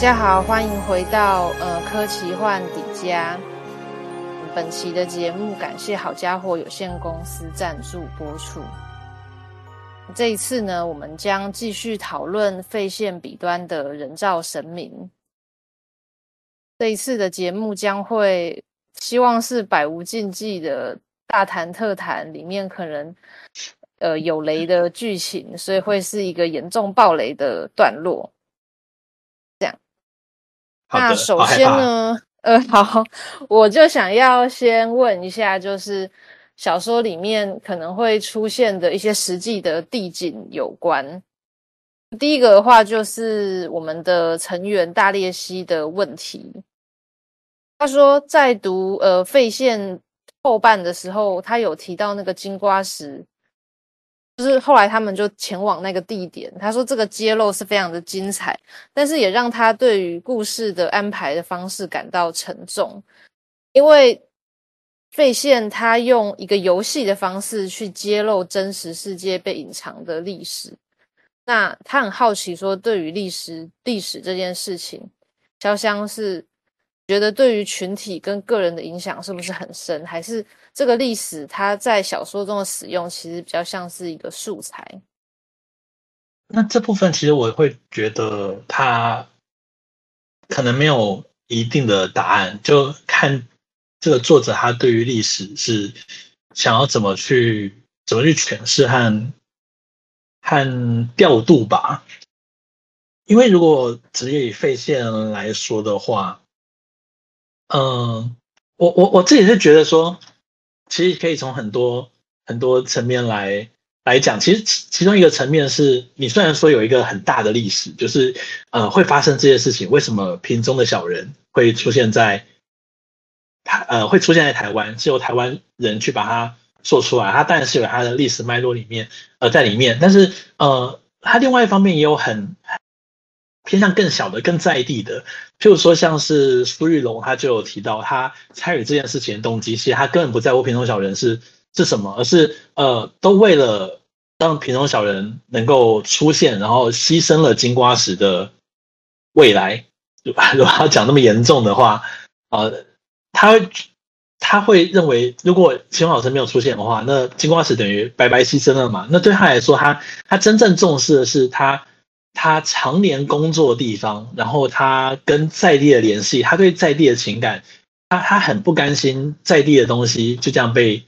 大家好，歡迎回到呃科，奇幻底家。本期的節目，感謝好家伙有限公司贊助播出。這一次呢，我們將繼續討論廢線彼端的人造神明。這一次的節目將會希望是百無禁忌的大談特談，裡面可能呃有雷的劇情，所以會是一個嚴重爆雷的段落。那首先呢、哦，呃，好，我就想要先問一下，就是小說裡面可能會出現的一些實際的地景有關。第一個的話，就是我們的成員大列西的問題。他說，在讀呃廢線後半的時候，他有提到那個金瓜石。就是後來他們就前往那個地點。他說這個揭露是非常的精彩，但是也讓他對於故事的安排的方式感到沉重，因為廢線他用一個遊戲的方式去揭露真實世界被隱藏的歷史。那他很好奇說對，對於歷史歷史這件事情，瀟湘是。覺得對於群體跟個人的影響是不是很深？還是這個歷史它在小說中的使用，其實比較像是一個素材。那這部分其實我會覺得它可能沒有一定的答案，就看這個作者他對於歷史是想要怎麼去怎麼去詮釋和和調度吧。因為如果直接以廢線來說的話。嗯、呃，我我我自己是覺得說，其實可以從很多很多層面來來講。其實其中一個層面是你雖然說有一個很大的歷史，就是呃會發生這些事情，為什麼瓶中的小人會出現在呃會出現在台灣，是由台灣人去把它做出來，它當然是有它的歷史脈絡裡面呃在裡面，但是呃它另外一方面也有很。偏向更小的、更在地的，譬如說像是蘇玉龍，他就有提到，他參與這件事情的動機，其實他根本不在乎平種小人是是什麼，而是呃，都為了讓平種小人能夠出現，然後犧牲了金瓜石的未來。對吧？對吧？如果他講那麼嚴重的話，呃，他他會認為，如果秦種老師沒有出現的話，那金瓜石等於白白犧牲了嘛？那對他來說，他他真正重視的是他。他常年工作的地方，然後他跟在地的聯繫，他對在地的情感，他他很不甘心在地的東西就這樣被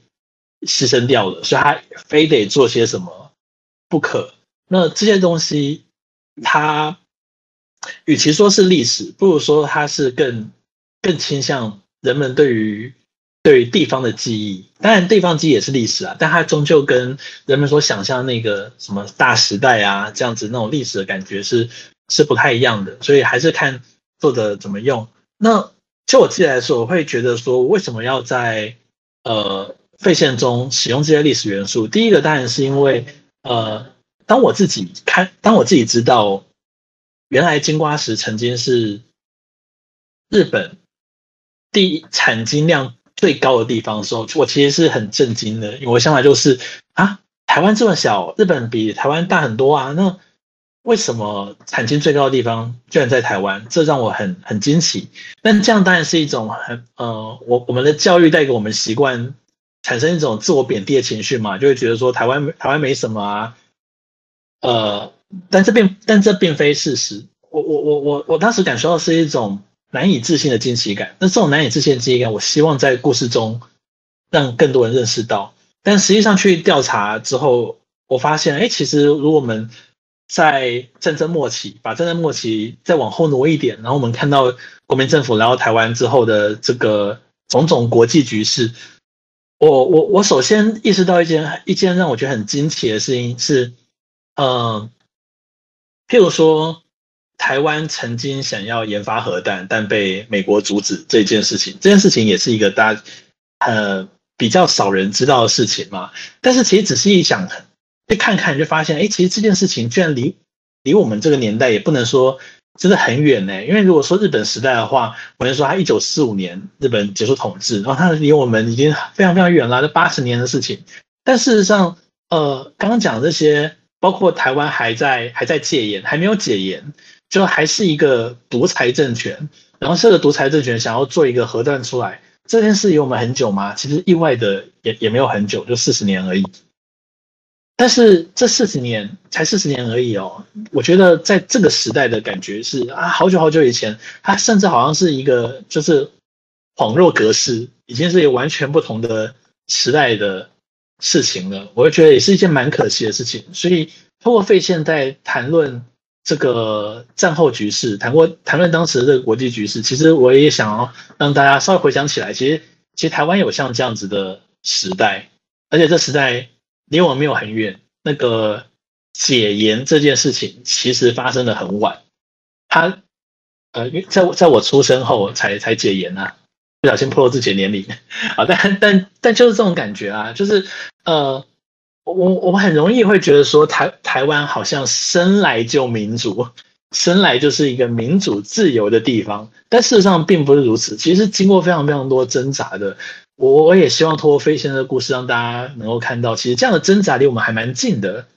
犧牲掉了，所以他非得做些什麼不可。那這些東西，他與其說是歷史，不如說他是更更傾向人們對於。對於地方的記憶，當然地方記憶也是歷史啊，但它終究跟人們所想象那個什麼大時代啊這樣子那種歷史的感覺是是不太一樣的，所以還是看作者怎麼用。那就我自己來說，我會覺得說，為什麼要在呃廢線中使用這些歷史元素？第一個當然是因為呃，當我自己看，當我自己知道，原來金瓜石曾經是日本第一產金量。最高的地方的時候，我其實是很震驚的，因為我想來就是啊，台灣這麼小，日本比台灣大很多啊，那為什麼產值最高的地方居然在台灣？這讓我很很驚奇。但這樣當然是一種很呃，我我們的教育帶給我們習慣產生一種自我貶低的情緒嘛，就會覺得說台灣台灣沒什麼啊，呃，但這並但這並非事實。我我我我我當時感受到的是一種。難以置信的驚喜感。那這種難以置信的驚喜感，我希望在故事中讓更多人認識到。但實際上去調查之後，我發現，哎，其實如果我們在戰爭末期，把戰爭末期再往後挪一點，然後我們看到國民政府來到台灣之後的這個種種國際局勢，我我我首先意識到一件一件讓我覺得很驚奇的事情是，嗯、呃，譬如說。台灣曾經想要研發核彈，但被美國阻止這件事情，這件事情也是一個大家呃比較少人知道的事情嘛。但是其實仔細一想，一看看你就發現，哎、欸，其實這件事情居然離離我們這個年代也不能說真的很遠呢、欸。因為如果說日本時代的話，我先說他一九四五年日本結束統治，然後他離我們已經非常非常遠了，這八十年的事情。但事實上，呃，剛剛講這些，包括台灣還在還在戒嚴，還沒有解嚴。就還是一個獨裁政權，然後這個獨裁政權想要做一個核彈出來這件事，有我們很久嗎？其實意外的也也沒有很久，就四十年而已。但是這四十年才四十年而已哦，我覺得在這個時代的感覺是啊，好久好久以前，它、啊、甚至好像是一個就是恍若隔世，已經是一個完全不同的時代的事情了。我覺得也是一件蠻可惜的事情，所以透過廢線在談論。這個戰後局勢，談過談論當時的這個國際局勢，其實我也想要讓大家稍微回想起來，其實其實台灣有像這樣子的時代，而且這時代離我們沒有很遠。那個解嚴這件事情，其實發生得很晚，他呃，在我在我出生後才才解嚴啊，不小心破了自己的年齡啊，但但但就是這種感覺啊，就是呃。我我我很容易會覺得說台台灣好像生來就民主，生來就是一個民主自由的地方，但事實上並不是如此。其實經過非常非常多掙扎的，我我也希望通過飛先生的故事讓大家能夠看到，其實這樣的掙扎離我們還蠻近的。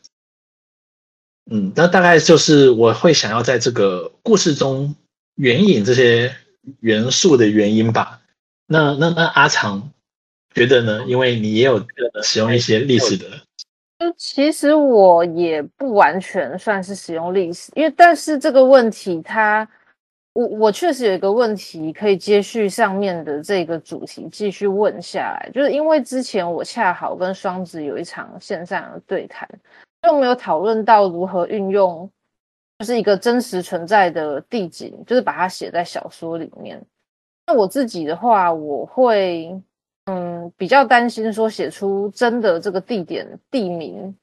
嗯，那大概就是我會想要在這個故事中援引這些元素的原因吧。那那那阿常覺得呢？因為你也有使用一些歷史的。就其實我也不完全算是使用歷史，因為但是這個問題，它，我我確實有一個問題可以接續上面的這個主題繼續問下來，就是因為之前我恰好跟雙子有一場線上的對談，就沒有討論到如何運用，就是一個真實存在的地景，就是把它寫在小說裡面。那我自己的話，我會。嗯，比較擔心說寫出真的這個地點地名，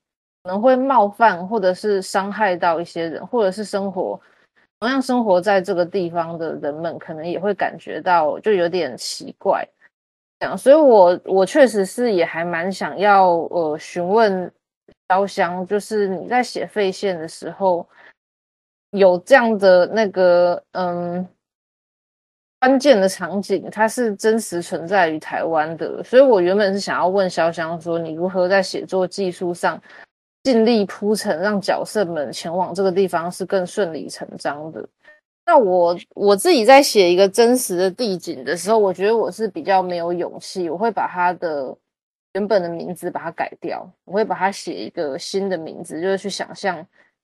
可能會冒犯或者是傷害到一些人，或者是生活同樣生活在這個地方的人們，可能也會感覺到就有點奇怪。這樣，所以我我確實是也還蠻想要呃詢問瀟湘神，就是你在寫廢線的時候有這樣的那個嗯。關鍵的場景，它是真實存在於台灣的，所以我原本是想要問瀟湘說，你如何在寫作技術上盡力鋪陳，讓角色們前往這個地方是更順理成章的。那我我自己在寫一個真實的地景的時候，我覺得我是比較沒有勇氣，我會把它的原本的名字把它改掉，我會把它寫一個新的名字，就是去想象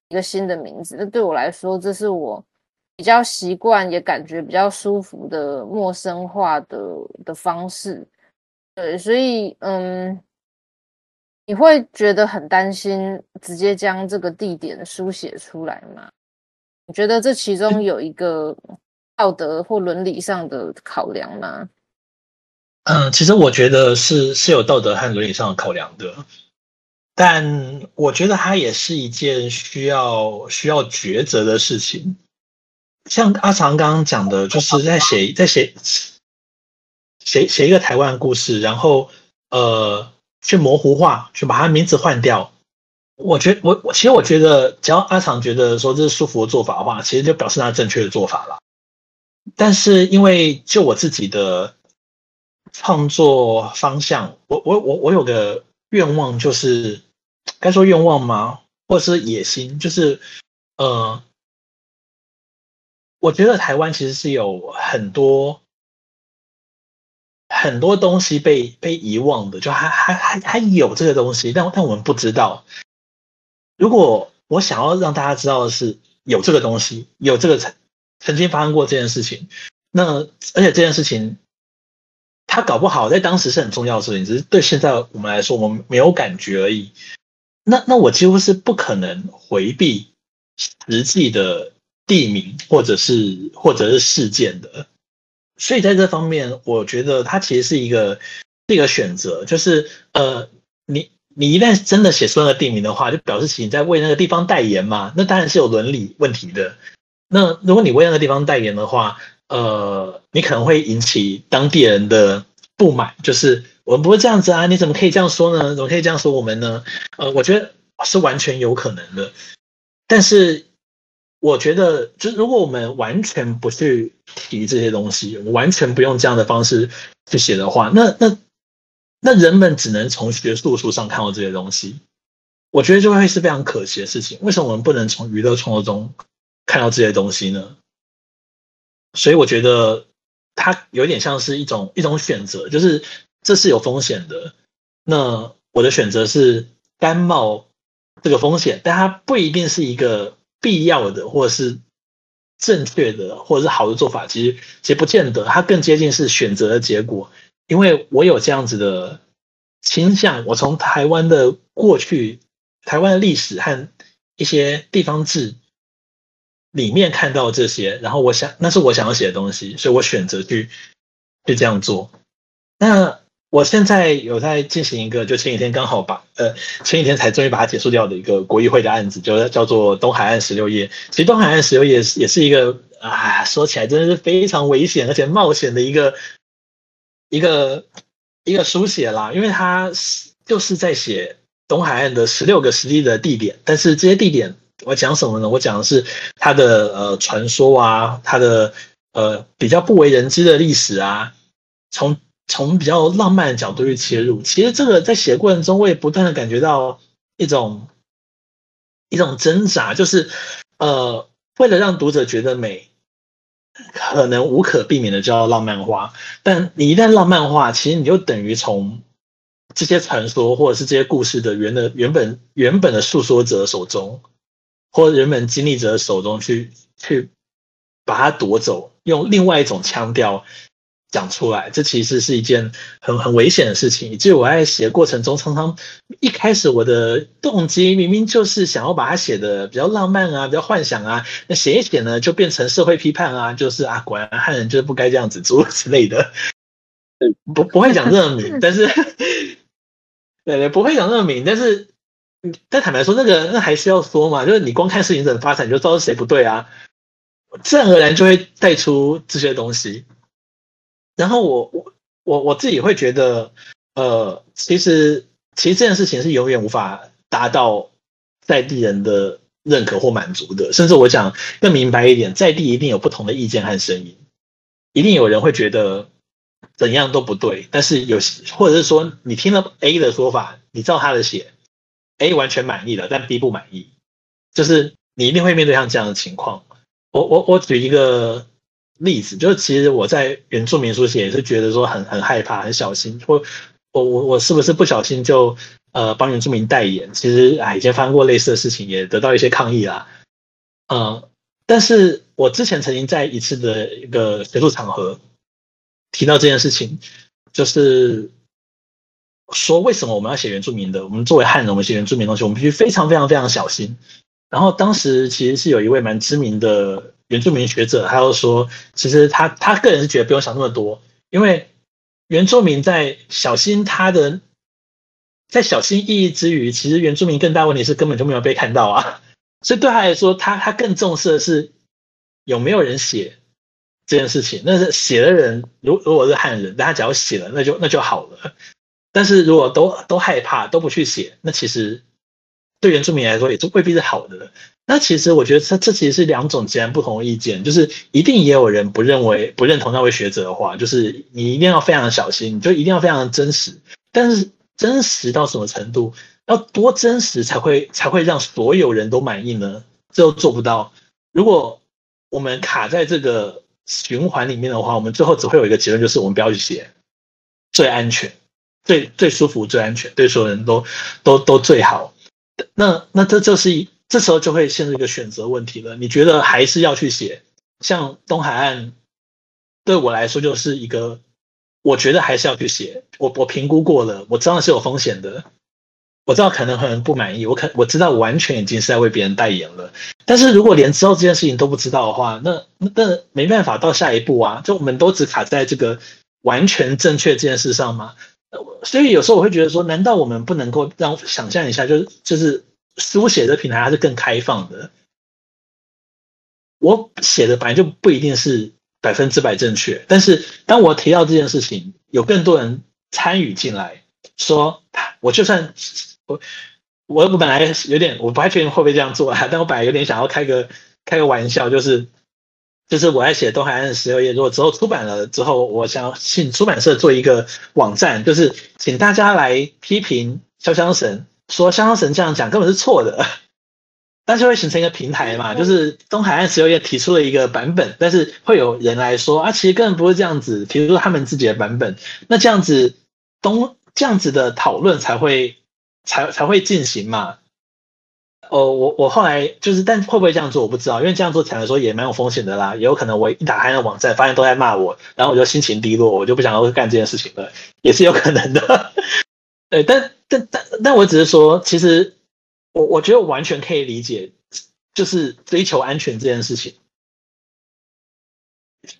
一個新的名字。那對我來說，這是我。比較習慣也感覺比較舒服的陌生化的的方式，對，所以嗯，你會覺得很擔心直接將這個地點書寫出來嗎？你覺得這其中有一個道德或倫理上的考量嗎？嗯，其實我覺得是是有道德和倫理上的考量的，但我覺得它也是一件需要需要抉擇的事情。像阿常剛剛講的，就是在寫，在寫寫寫一個台灣故事，然後呃，去模糊化，去把他名字換掉。我覺得我我其實我覺得，只要阿常覺得說這是舒服的做法的話，其實就表示那是正確的做法了。但是因為就我自己的創作方向，我我我我有個願望，就是該說願望嗎？或者是野心？就是呃。我覺得台灣其實是有很多很多東西被被遺忘的，就還還還還有這個東西，但但我們不知道。如果我想要讓大家知道的是有這個東西，有這個曾曾經發生過這件事情，那而且這件事情它搞不好在當時是很重要的事情，只是對現在我們來說我們沒有感覺而已。那那我幾乎是不可能回避實際的，地名，或者是或者是事件的，所以在這方面，我覺得它其實是一個一個選擇，就是呃，你你一旦真的寫出那個地名的話，就表示起你在為那個地方代言嘛，那當然是有倫理問題的。那如果你為那個地方代言的話，呃，你可能會引起當地人的不滿，就是我們不會這樣子啊，你怎麼可以這樣說呢？怎麼可以這樣說我們呢？呃，我覺得是完全有可能的，但是。我覺得，就是如果我們完全不去提這些東西，我完全不用這樣的方式去寫的話，那那那人們只能從學術書上看到這些東西，我覺得就會是非常可惜的事情。為什麼我們不能從娛樂創作中看到這些東西呢？所以我覺得它有點像是一種一種選擇，就是這是有風險的。那我的選擇是甘冒這個風險，但它不一定是一個。必要的，或是正確的，或者是好的做法，其實其實不見得，它更接近是選擇的結果。因為我有這樣子的傾向，我從台灣的過去、台灣的歷史和一些地方志裡面看到這些，然後我想那是我想要寫的東西，所以我選擇去去這樣做。那我現在有在進行一個，就前幾天剛好把呃前幾天才終於把它結束掉的一個國藝會的案子，就叫做《東海岸十六夜》。其實東海岸十六夜也是，也是一個啊，說起來真的是非常危險而且冒險的一個一個一個書寫啦，因為它就是在寫東海岸的十六個實際的地點，但是這些地點我講什麼呢？我講的是它的呃傳說啊，它的呃比較不為人知的歷史啊，從。從比較浪漫的角度去切入，其實這個在寫過程中，我也不斷的感覺到一種一種掙扎，就是呃，為了讓讀者覺得美，可能無可避免的就要浪漫化，但你一旦浪漫化，其實你就等於從這些傳說或者是這些故事的原的原本原本的訴說者手中，或者原本經歷者手中去去把它奪走，用另外一種腔調。講出來，這其實是一件很很危險的事情。以至於我在寫過程中，常常一開始我的動機明明就是想要把它寫得比較浪漫啊，比較幻想啊，那寫一寫呢，就變成社會批判啊，就是啊，果然漢人就是不該這樣子做之類的。不不會講這種名，但是對 對，不會講這種名，但是但坦白說，那個那還是要說嘛，就是你光看事情怎麼發展，你就知道是誰不對啊，自然而然就會帶出這些東西。然後我我我我自己會覺得，呃，其實其實這件事情是永遠無法達到在地人的認可或滿足的。甚至我想更明白一點，在地一定有不同的意見和聲音，一定有人會覺得怎樣都不對。但是有，或者是說，你聽了 A 的說法，你照他的寫，A 完全滿意了，但 B 不滿意，就是你一定會面對像這樣的情況。我我我舉一個。例子就是，其實我在原住民書寫也是覺得說很很害怕、很小心，或我我我是不是不小心就呃幫原住民代言？其實啊以前發生過類似的事情，也得到一些抗議啦、啊。嗯、呃，但是我之前曾經在一次的一個學術場合提到這件事情，就是說，為什麼我們要寫原住民的？我們作為漢人我們寫原住民的東西，我們必須非常非常非常小心。然後當時其實是有一位蠻知名的。原住民學者他又說，其實他他個人是覺得不用想那麼多，因為原住民在小心他的，在小心翼翼之餘，其實原住民更大問題是根本就沒有被看到啊。所以對他來說，他他更重視的是有沒有人寫這件事情。那是寫的人，如果如果是漢人，但他只要寫了，那就那就好了。但是如果都都害怕，都不去寫，那其實。對原住民來說，也是未必是好的了。那其實我覺得，這這其實是兩種截然不同的意見。就是一定也有人不認為、不認同那位學者的話，就是你一定要非常的小心，你就一定要非常的真實。但是真實到什麼程度，要多真實才會才會讓所有人都滿意呢？這都做不到。如果我們卡在這個循環裡面的話，我們最後只會有一個結論，就是我們不要去寫，最安全、最最舒服、最安全，對所有人都都都最好。那那這就是一，這時候就會陷入一個選擇問題了。你覺得還是要去寫？像東海岸對我來說就是一個，我覺得還是要去寫。我我評估過了，我知道是有風險的，我知道可能很不滿意，我可我知道完全已經是在為別人代言了。但是如果連知道這件事情都不知道的話，那那，那沒辦法，到下一步啊，就我們都只卡在這個完全正確這件事上嗎？所以有時候我會覺得說，難道我們不能夠讓想象一下，就是就是書寫的平台還是更開放的？我寫的本來就不一定是百分之百正確，但是當我提到這件事情，有更多人參與進來，說我就算我我本來有點我不太確定會不會這樣做啊，但我本來有點想要開個開個玩笑，就是。就是我在寫東海岸十六夜，如果之後出版了之後，我想要請出版社做一個網站，就是請大家來批評瀟湘神，說瀟湘神這樣講根本是錯的，但是會形成一個平台嘛。就是東海岸十六夜提出了一個版本，但是會有人來說啊，其實根本不是這樣子，提出了他們自己的版本，那這樣子東這樣子的討論才會才才會進行嘛。哦，我我後來就是，但會不會這樣做我不知道，因為這樣做起來說也蠻有風險的啦，也有可能我一打開那網站，發現都在罵我，然後我就心情低落，我就不想要幹這件事情了，也是有可能的。對，但但但但，但但但我只是說，其實我我覺得我完全可以理解，就是追求安全這件事情，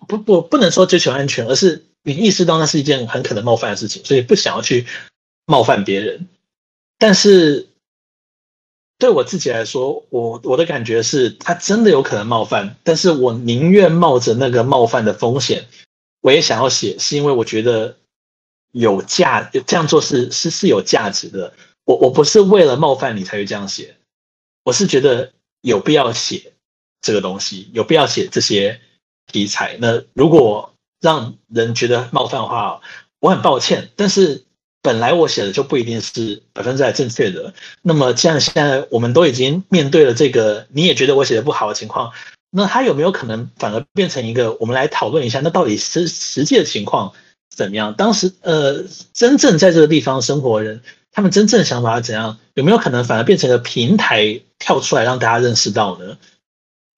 不不不能說追求安全，而是你意識到那是一件很可能冒犯的事情，所以不想要去冒犯別人，但是。對我自己來說，我我的感覺是，它真的有可能冒犯，但是我寧願冒着那個冒犯的風險，我也想要寫，是因為我覺得有價這樣做是是是有價值的。我我不是為了冒犯你才會這樣寫，我是覺得有必要寫這個東西，有必要寫這些題材。那如果讓人覺得冒犯的話，我很抱歉，但是。本來我寫的就不一定是百分之百正確的，那麼既然現在我們都已經面對了這個，你也覺得我寫的不好的情況，那它有沒有可能反而變成一個，我們來討論一下，那到底實實際的情況怎麼樣？當時呃，真正在這個地方生活的人，他們真正想法是怎樣？有沒有可能反而變成一個平台跳出來讓大家認識到呢？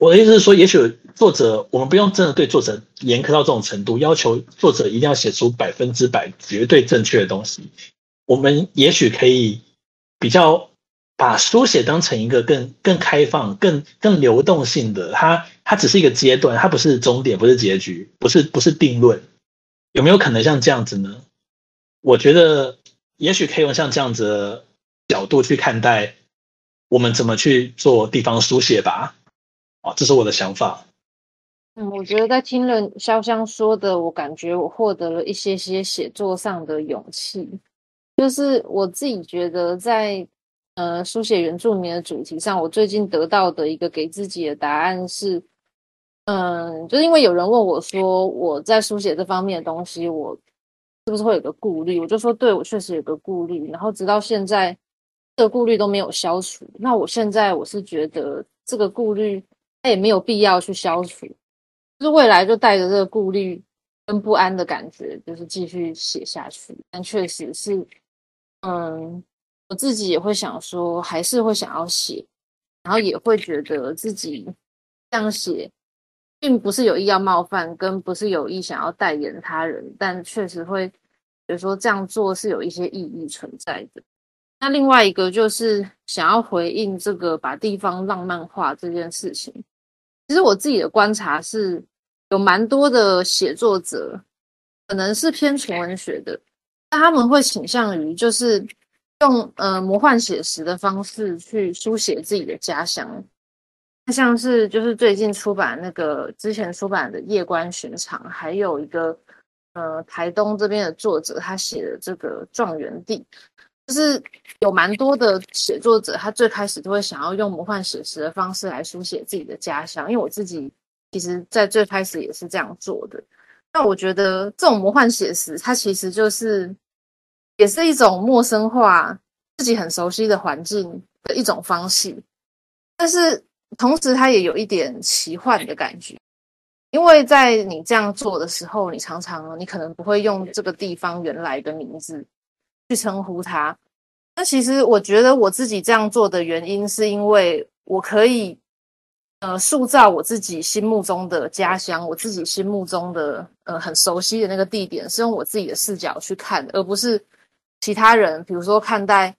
我的意思是說，也許作者，我們不用真的對作者嚴苛到這種程度，要求作者一定要寫出百分之百絕對正確的東西。我們也許可以比較把書寫當成一個更更開放、更更流動性的，它它只是一個階段，它不是終點，不是結局，不是不是定論。有沒有可能像這樣子呢？我覺得也許可以用像這樣子的角度去看待我們怎麼去做地方書寫吧。哦，這是我的想法。嗯，我覺得在聽了瀟湘說的，我感覺我獲得了一些些寫作上的勇氣。就是我自己覺得在，在呃書寫原住民的主題上，我最近得到的一個給自己的答案是，嗯，就是因為有人問我說，我在書寫這方面的東西，我是不是會有個顧慮？我就說對，對我確實有個顧慮。然後直到現在，這個顧慮都沒有消除。那我現在我是覺得這個顧慮。他、欸、也沒有必要去消除，就是未來就帶着這個顧慮跟不安的感覺，就是繼續寫下去。但確實是，嗯，我自己也會想說，還是會想要寫，然後也會覺得自己這樣寫，並不是有意要冒犯，跟不是有意想要代言他人，但確實會，比如說這樣做是有一些意義存在的。那另外一個就是想要回應這個把地方浪漫化這件事情。其實我自己的觀察是，有蠻多的寫作者，可能是偏純文學的，那他們會傾向於就是用呃魔幻寫實的方式去書寫自己的家鄉，像是就是最近出版那個之前出版的《夜官巡場》，還有一個呃台東這邊的作者他寫的這個《狀元地》。就是有蠻多的寫作者，他最開始都會想要用魔幻寫實的方式來書寫自己的家鄉，因為我自己其實，在最開始也是這樣做的。那我覺得這種魔幻寫實，它其實就是也是一種陌生化自己很熟悉的環境的一種方式，但是同時它也有一點奇幻的感覺，因為在你這樣做的時候，你常常你可能不會用這個地方原來的名字。去稱呼他，那其實我覺得我自己這樣做的原因，是因為我可以呃塑造我自己心目中的家鄉，我自己心目中的呃很熟悉的那個地點，是用我自己的視角去看的，而不是其他人，比如說看待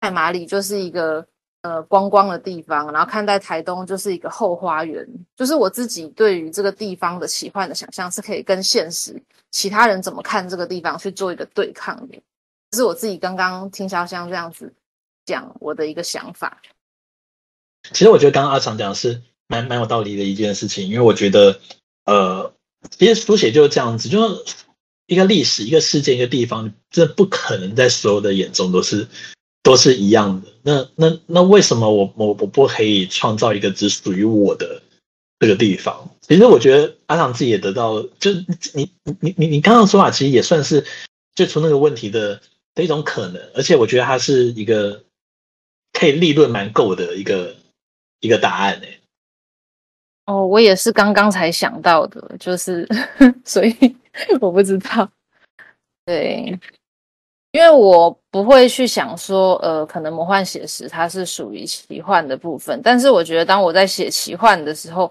太麻里就是一個呃觀光的地方，然後看待台東就是一個後花園，就是我自己對於這個地方的奇幻的想象是可以跟現實其他人怎麼看這個地方去做一個對抗的。是我自己剛剛聽瀟湘這樣子講我的一個想法。其實我覺得剛剛阿常講的是蠻蠻有道理的一件事情，因為我覺得呃，其實書寫就是這樣子，就是一個歷史、一個事件、一個地方，這不可能在所有的眼中都是都是一樣的。那那那為什麼我我我不可以創造一個只屬於我的這個地方？其實我覺得阿常自己也得到，就你你你你你剛剛說法、啊、其實也算是最初那個問題的的一種可能，而且我覺得它是一個可以利潤蠻夠的一個一個答案嘞、欸。哦，我也是剛剛才想到的，就是所以我不知道，對，因為我不會去想說，呃，可能魔幻寫實它是屬於奇幻的部分，但是我覺得當我在寫奇幻的時候。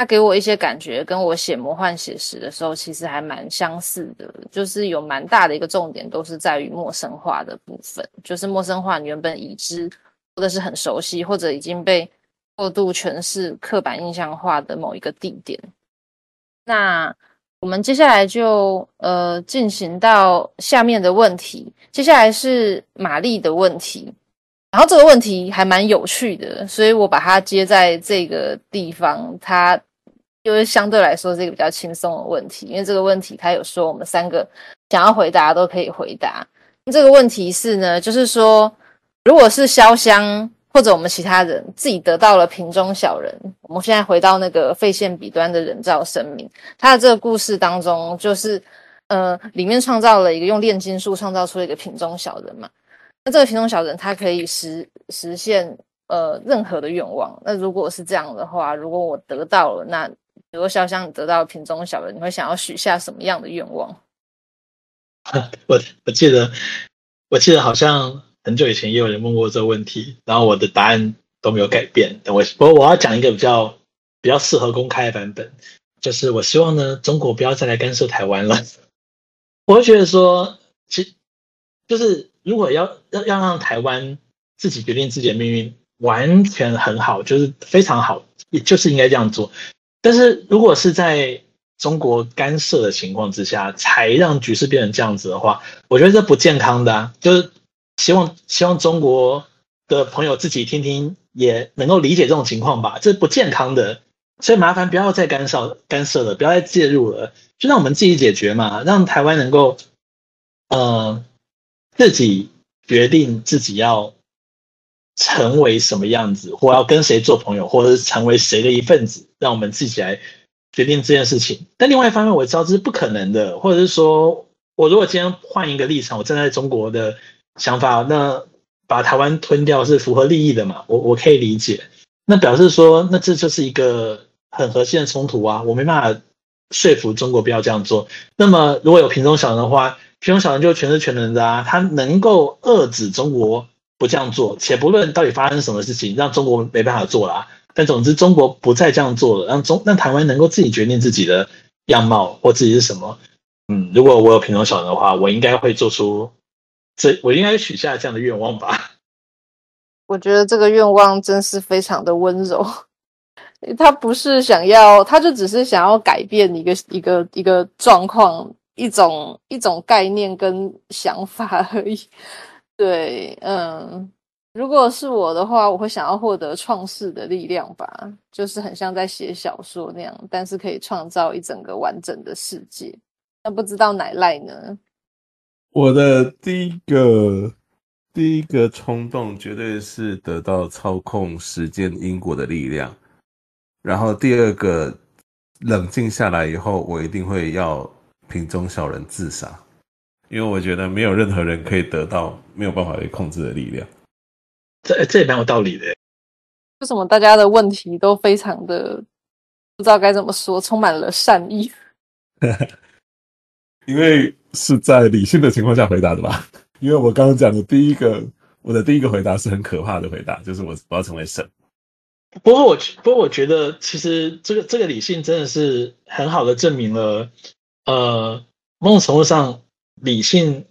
他給我一些感覺，跟我寫魔幻寫實的時候，其實還蠻相似的，就是有蠻大的一個重點，都是在於陌生化的部分，就是陌生化你原本已知，或者是很熟悉，或者已經被過度詮釋、刻板印象化的某一個地點。那我們接下來就呃進行到下面的問題，接下來是馬立的問題，然後這個問題還蠻有趣的，所以我把它接在這個地方。它因為相對來說是一個比較輕鬆的問題，因為這個問題他有說我們三個想要回答都可以回答。這個問題是呢，就是說，如果是瀟湘或者我們其他人自己得到了瓶中小人，我們現在回到那個廢線彼端的人造神明，他的這個故事當中，就是呃，裡面創造了一個用煉金術創造出了一個瓶中小人嘛。那這個瓶中小人他可以實實現呃任何的願望。那如果是這樣的話，如果我得到了那如果小像得到瓶中小人，你會想要許下什麼樣的願望？我我記得，我記得好像很久以前也有人問過這個問題，然後我的答案都沒有改變。我我，我要講一個比較比較適合公開的版本，就是我希望呢，中國不要再來干涉臺灣了。我覺得說，其實就是如果要要要讓臺灣自己決定自己的命運，完全很好，就是非常好，也就是應該這樣做。但是如果是在中國干涉的情況之下，才讓局勢變成這樣子的話，我覺得這不健康的啊，就是希望希望中國的朋友自己聽聽，也能夠理解這種情況吧。這不健康的，所以麻煩不要再干涉干涉了，不要再介入了，就讓我們自己解決嘛，讓台灣能夠，呃，自己決定自己要。成為什麼樣子，或要跟誰做朋友，或者是成為誰的一份子，讓我們自己來決定這件事情。但另外一方面，我知道這是不可能的，或者是說我如果今天換一個立場，我站在中國的想法，那把台灣吞掉是符合利益的嘛？我我可以理解。那表示說，那這就是一個很核心的衝突啊，我沒辦法說服中國不要這樣做。那麼如果有瓶中小人的話，瓶中小人就全是全能的啊，他能夠遏制中國。不這樣做，且不論到底發生什麼事情讓中國沒辦法做了，但總之中國不再這樣做了，讓中讓台灣能夠自己決定自己的樣貌或自己是什麼。嗯，如果我有瓶中小人的話，我應該會做出這，我應該許下這樣的願望吧。我覺得這個願望真是非常的溫柔，他不是想要，他就只是想要改變一個一個一個狀況，一種一種概念跟想法而已。對，嗯，如果是我的話，我會想要獲得創世的力量吧，就是很像在寫小說那樣，但是可以創造一整個完整的世界。那不知道乃賴呢？我的第一個第一個衝動絕對是得到操控時間因果的力量，然後第二個冷靜下來以後，我一定會要瓶中小人自殺。因為我覺得沒有任何人可以得到沒有辦法被控制的力量，這這也蠻有道理的。為什麼大家的問題都非常的不知道該怎麼說，充滿了善意？ 因為是在理性的情況下回答的吧？因為我剛剛講的第一個，我的第一個回答是很可怕的回答，就是我我要成為神。不過我，不過我覺得其實這個這個理性真的是很好的證明了，呃，某種程度上。理性，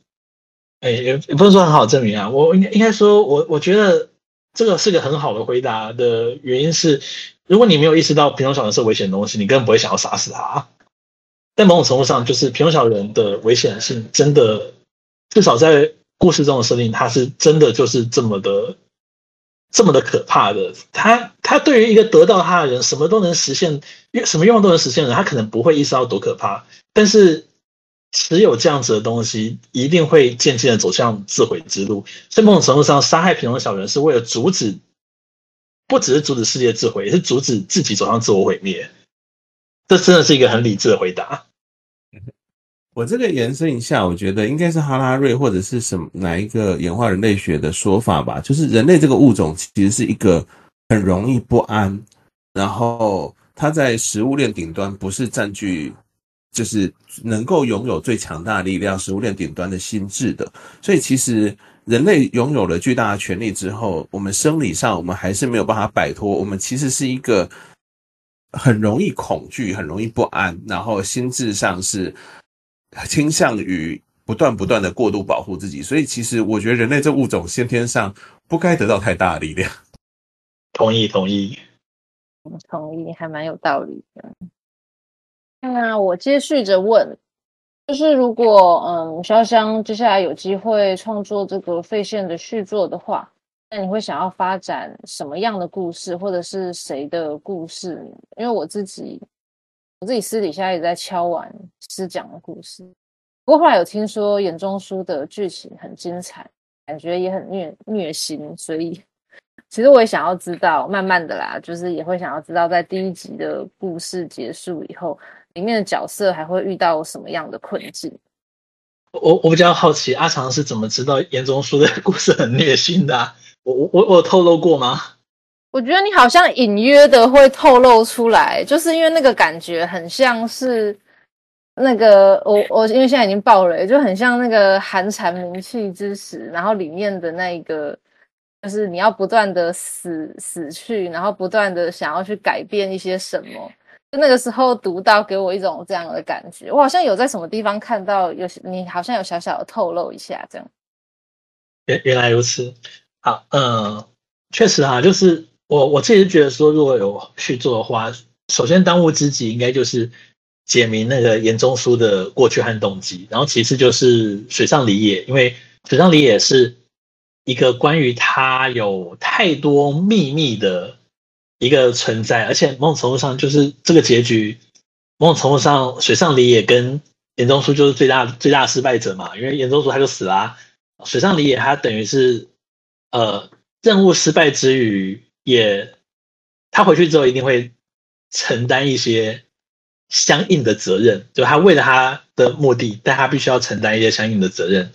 哎、欸，也也不能說很好證明啊。我應該說，我我覺得這個是個很好的回答的原因是，如果你沒有意識到平窮小人是危險的東西，你根本不會想要殺死他啊。在某種程度上，就是平窮小人的危險性真的，至少在故事中的設定，他是真的就是這麼的，這麼的可怕的。他他對於一個得到他的人，什麼都能實現，什麼願望都能實現的人，他可能不會意識到多可怕，但是。持有這樣子的東西，一定會漸漸走向自毀之路。在某種程度上，殺害平庸小人是為了阻止，不只是阻止世界自毀，也是阻止自己走向自我毀滅。這真的是一個很理智的回答。我這個延伸一下，我覺得應該是哈拉瑞或者是什麼哪一個演化人類學的說法吧。就是人類這個物種其實是一個很容易不安，然後它在食物鏈頂端不是佔據。就是能夠擁有最強大的力量，食物鏈頂端的心智的，所以其實人類擁有了巨大的權力之後，我們生理上我們還是沒有辦法擺脫，我們其實是一個很容易恐懼、很容易不安，然後心智上是傾向於不斷不斷的過度保護自己，所以其實我覺得人類這物種先天上不該得到太大的力量。同意，同意。我同意，還蠻有道理的。那、嗯啊、我接續着問，就是如果嗯，瀟湘接下來有機會創作這個廢線的續作的話，那你會想要發展什麼樣的故事，或者是誰的故事？因為我自己，我自己私底下也在敲碗師講的故事。不過後來有聽說眼中書的劇情很精彩，感覺也很虐虐心，所以其實我也想要知道，慢慢的啦，就是也會想要知道，在第一集的故事結束以後。裡面的角色還會遇到什麼樣的困境？我我比較好奇阿常是怎麼知道嚴宗書的故事很虐心的啊？我我我有透露過嗎？我覺得你好像隱約的會透露出來，就是因為那個感覺很像是那個，我我因為現在已經爆了，就很像那個寒蟬鳴泣之時，然後裡面的那一個就是你要不斷的死死去，然後不斷的想要去改變一些什麼。就那個時候讀到，給我一種這樣的感覺。我好像有在什麼地方看到有，有你好像有小小的透露一下這樣。原原來如此，啊，好，嗯，確實啊，就是我我自己是覺得說，如果有續作的話，首先當務之急應該就是解明那個嚴中書的過去和動機，然後其次就是水上李野，因為水上李野是一個關於他有太多秘密的。一個存在，而且某種程度上就是這個結局。某種程度上，水上里也跟嚴宗書就是最大最大的失敗者嘛，因為嚴宗書他就死了啊，水上里也他等於是呃任務失敗之餘也，也他回去之後一定會承擔一些相應的責任，就他為了他的目的，但他必須要承擔一些相應的責任，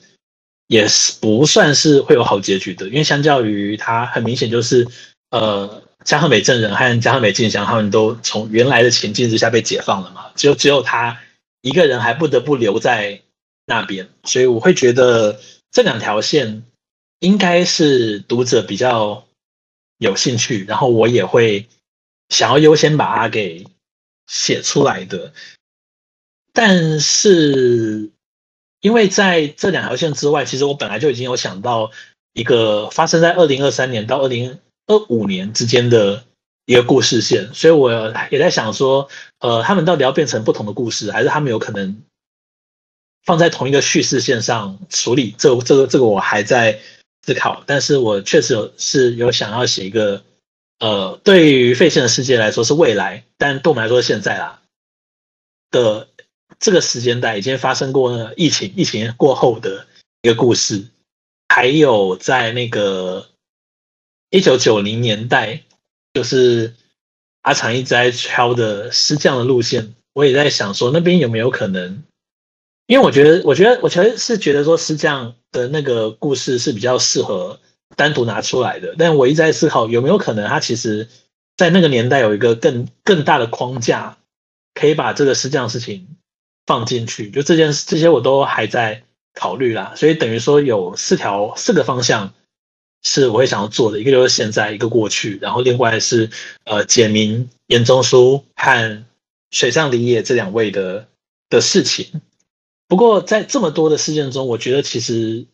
也是不算是會有好結局的，因為相較於他，很明顯就是呃。加賀美正人和加賀美靜香，他們都從原來的情境之下被解放了嘛，只有只有他一個人還不得不留在那邊，所以我會覺得這兩條線應該是讀者比較有興趣，然後我也會想要優先把它給寫出來的。但是因為在這兩條線之外，其實我本來就已經有想到一個發生在二零二三年到二零二五年之間的一個故事線，所以我也在想說，呃，他們到底要變成不同的故事，還是他們有可能放在同一個敘事線上處理？這個、這、個、這個我還在思考。但是我確實有是有想要寫一個，呃，對於廢線的世界來說是未來，但對我們來說是現在啦的這個時間段已經發生過疫情，疫情過後的一個故事，還有在那個。一九九零年代，就是阿常一直在挑的師匠路線。我也在想說，那邊有沒有可能？因為我覺得，我覺得，我其實是覺得說師匠那個故事是比較適合單獨拿出來的。但我一直在思考，有沒有可能他其實，在那個年代有一個更更大的框架，可以把這個師匠的事情放進去。就這件事這些我都還在考慮啦。所以等於說有四條四個方向，是我會想要做的。一個就是現在，一個過去，然後另外是，呃，解明嚴中書和水上林野這兩位的、的事情。不過在這麼多的事件中，我覺得其實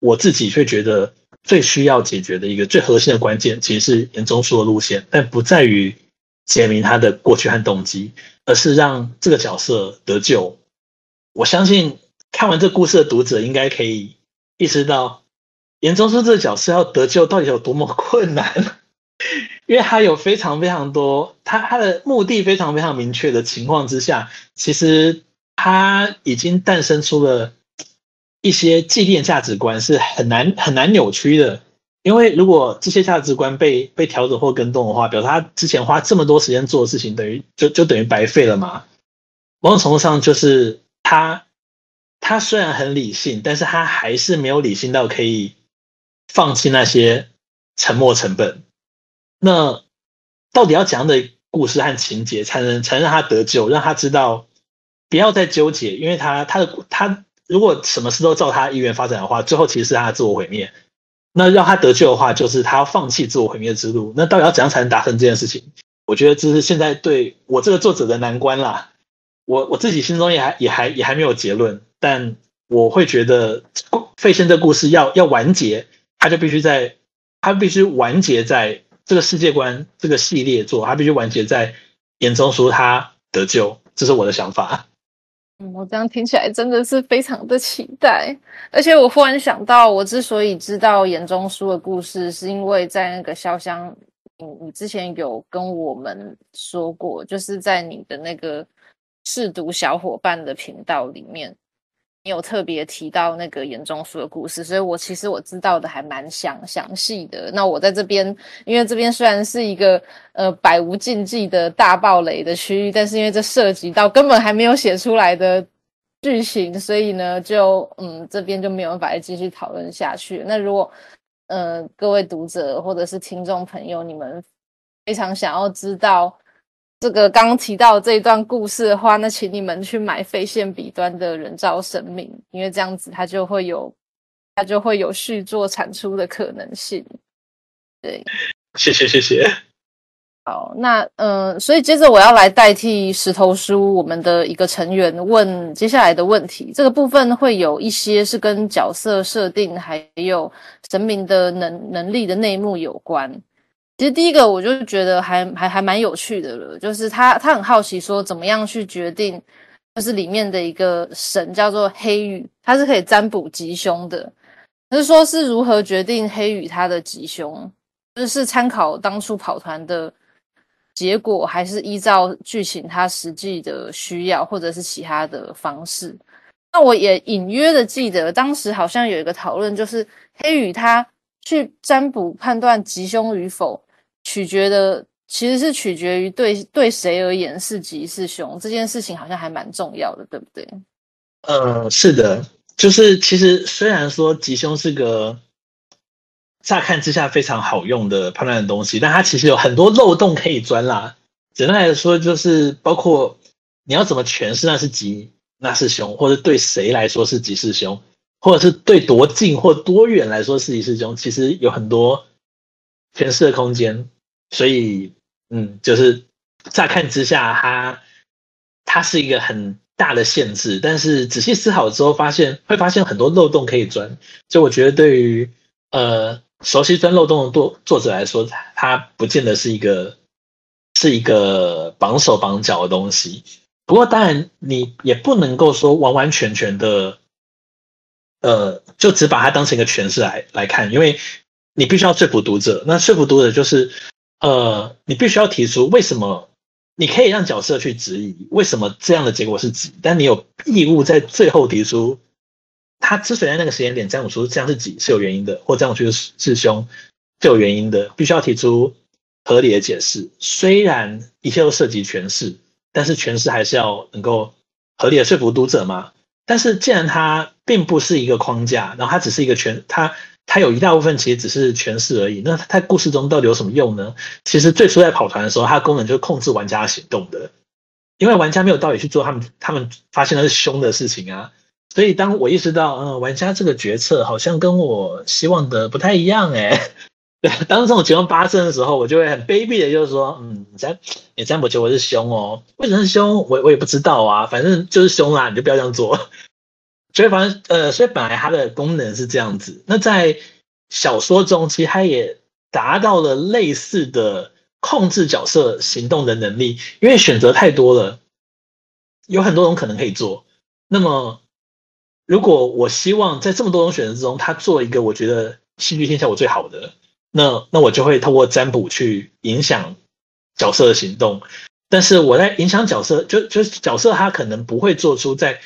我自己卻覺得最需要解決的一個最核心的關鍵，其實是嚴中書的路線，但不在於解明他的過去和動機，而是讓這個角色得救。我相信看完這故事的讀者應該可以意識到，嚴中書這個角色要得救，到底有多麼困難？ 因為他有非常非常多，他他的目的非常非常明確的情況之下，其實他已經誕生出了一些既定價值觀，是很難很難扭曲的。因為如果這些價值觀被被調整或更動的話，表示他之前花這麼多時間做的事情等，等於就就等於白費了嘛。某種程度上，就是他他雖然很理性，但是他還是沒有理性到可以，放棄那些沉沒成本，那到底要怎樣的故事和情節才能，才能才讓他得救，讓他知道不要再糾結，因為他他的他如果什麼事都照他意願發展的話，最後其實是他自我毀滅。那讓他得救的話，就是他要放棄自我毀滅之路。那到底要怎樣才能達成這件事情？我覺得這是現在對我這個作者的難關啦。我我自己心中也還也還也還沒有結論，但我會覺得廢線這故事要要完結。他就必須在，他必須完結在這個世界觀這個系列做，他必須完結在嚴中書他得救，這是我的想法。嗯，我這樣聽起來真的是非常的期待，而且我忽然想到，我之所以知道嚴中書的故事，是因為在那個瀟湘，你你之前有跟我們說過，就是在你的那個試讀小夥伴的頻道裡面。沒有特別提到那個嚴忠肅的故事，所以我其實我知道的還蠻詳詳細的。那我在這邊，因為這邊雖然是一個呃百無禁忌的大暴雷的區域，但是因為這涉及到根本還沒有寫出來的劇情，所以呢，就嗯這邊就沒有辦法再繼續討論下去。那如果嗯、呃、各位讀者或者是聽眾朋友，你們非常想要知道。這個剛剛提到這一段故事的話，那請你們去買廢線彼端的人造神明，因為這樣子它就會有，它就會有續作產出的可能性。對，謝謝謝謝。好，那嗯、呃，所以接着我要來代替石頭叔我們的一個成員問接下來的問題。這個部分會有一些是跟角色設定還有神明的能能力的內幕有關。其實第一個我就覺得還還還蠻有趣的了，就是他他很好奇說怎麼樣去決定，就是裡面的一個神叫做黑羽，他是可以占卜吉凶的，就是說是如何決定黑羽他的吉凶，就是參考當初跑團的結果，還是依照劇情他實際的需要，或者是其他的方式。那我也隱約的記得當時好像有一個討論，就是黑羽他。去占卜判斷吉凶與否，取決的其實是取決於對對誰而言是吉是凶這件事情，好像還蠻重要的，對不對？呃，是的，就是其實雖然說吉凶是個乍看之下非常好用的判斷的東西，但它其實有很多漏洞可以鑽啦。簡單來說，就是包括你要怎麼詮釋那是吉那是凶，或者對誰來說是吉是凶。或者是對多近或多遠來說是一是，四級師中其實有很多詮釋的空間。所以，嗯，就是乍看之下，它它是一個很大的限制，但是仔細思考之後，發現會發現很多漏洞可以鑽。就我覺得，對於呃熟悉鑽漏洞的作作者來說，它不見得是一個是一個綁手綁腳的東西。不過，當然你也不能夠說完完全全的。呃，就只把它當成一個詮釋來來看，因為你必須要說服讀者。那說服讀者就是，呃，你必須要提出為什麼你可以讓角色去質疑為什麼這樣的結果是幾，但你有義務在最後提出，他之所以在那個時間點這樣說這樣是幾是有原因的，或這樣去是兇是有原因的，必須要提出合理的解釋。雖然一切都涉及詮釋，但是詮釋還是要能夠合理的說服讀者嘛。但是既然它並不是一個框架，然後它只是一個詮，它它有一大部分其實只是詮釋而已。那它在故事中到底有什麼用呢？其實最初在跑團的時候，它的功能就是控制玩家行動的，因為玩家沒有道理去做他們他們發現的是凶的事情啊。所以當我意識到，嗯、呃，玩家這個決策好像跟我希望的不太一樣，欸，哎。 當這種情況發生的時候，我就會很卑鄙的，就是說，嗯，你這樣，你這樣，我覺得我是凶哦。為什麼是凶？我我也不知道啊，反正就是凶啊，你就不要這樣做。所以，反正呃，所以本來它的功能是這樣子。那在小說中，其實它也達到了類似的控制角色行動的能力，因為選擇太多了，有很多種可能可以做。那麼，如果我希望在這麼多種選擇之中，他做一個我覺得戲劇性效果最好的。那那我就會透過占卜去影響角色的行動，但是我在影響角色，就就角色他可能不會做出在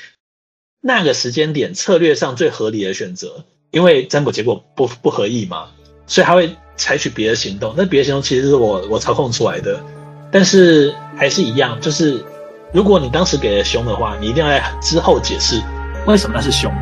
那個時間點策略上最合理的選擇，因為占卜結果不不合意嘛，所以他會採取別的行動。那別的行動其實是我我操控出來的，但是還是一樣，就是如果你當時給了凶的話，你一定要在之後解釋為什麼那是凶。